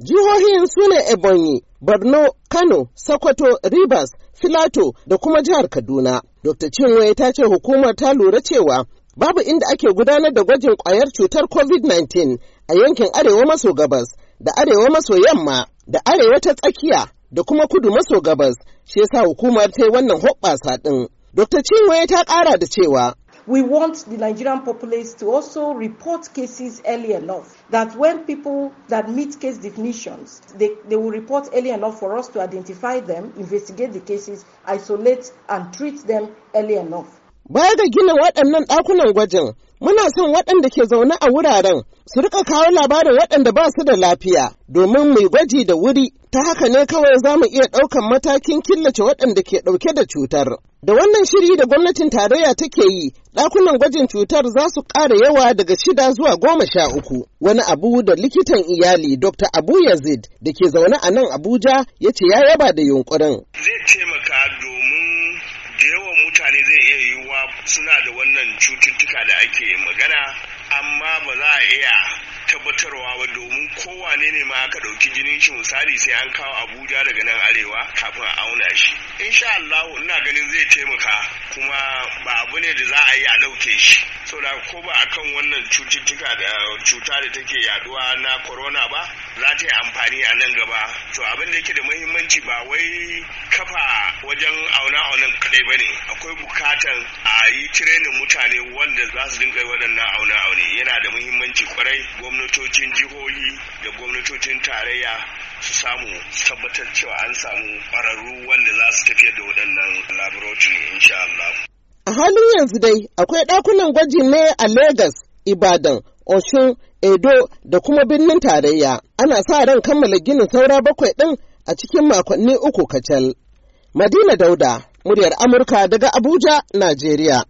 Jihohin su ne Ebonyi, Borno, Kano, Sokoto, Rivers, Filato da kuma jihar Kaduna. Dr. Chinwe ta ce hukumar ta lura cewa babu inda ake gudanar da gwajin kwayar cutar COVID-19 a yankin Arewa maso gabas da Arewa maso yamma da Arewa ta tsakiya da kuma kudu maso gabas, shi yasa hukumar ta yi wannan hoɓɓasa ɗin. Dr. Chinwe ta ƙara da cewa We want the Nigerian populace to also report cases early enough that when people that meet case definitions, they, they will report early enough for us to identify them, investigate the cases, isolate and treat them early enough. Baya da gina waɗannan ɗakunan gwajin, muna son waɗanda ke zaune a wuraren su rika kawo labarin waɗanda ba su da lafiya domin mai gwaji da wuri ta haka ne kawai za mu iya ɗaukan matakin killace waɗanda ke ɗauke da cutar. Da wannan shiri da gwamnatin tarayya take yi, ɗakunan gwajin cutar za su ƙara yawa daga shida zuwa goma sha uku. Wani abu da likitan iyali Dr. Abu Yazid da ke zaune a nan Abuja ya ce ya yaba da yunƙurin. Zai taimaka domin da yawan mutane zai iya yiwuwa suna da wannan cututtuka da ake magana amma ba za a iya tabbatarwa ba domin kowane ne ma aka ɗauki jinin shi misali sai an kawo abuja daga nan arewa kafin a auna shi insha allahu ina ganin zai taimaka kuma ba abu ne da za a yi a ɗauke shi saboda ko ba akan wannan cututtuka da cuta da take yaduwa na corona ba za ta yi amfani a nan gaba to abin da yake da muhimmanci ba wai kafa wajen auna aunan kadai ba ne akwai bukatan a yi tirenin mutane wanda za su dinga waɗannan auna aune yana da muhimmanci kwarai gwamnatocin jihohi da gwamnatocin tarayya su samu tabbatar cewa an samu ƙwararru wanda za su tafiyar da waɗannan laboratory insha Allah. A halin yanzu dai akwai ɗakunan gwaji ne a Legas, Ibadan, Osun, Edo da kuma birnin tarayya. Ana sa ran kammala ginin saura bakwai ɗin a cikin makonni uku kacal. Madina Dauda, muryar Amurka daga Abuja, Najeriya.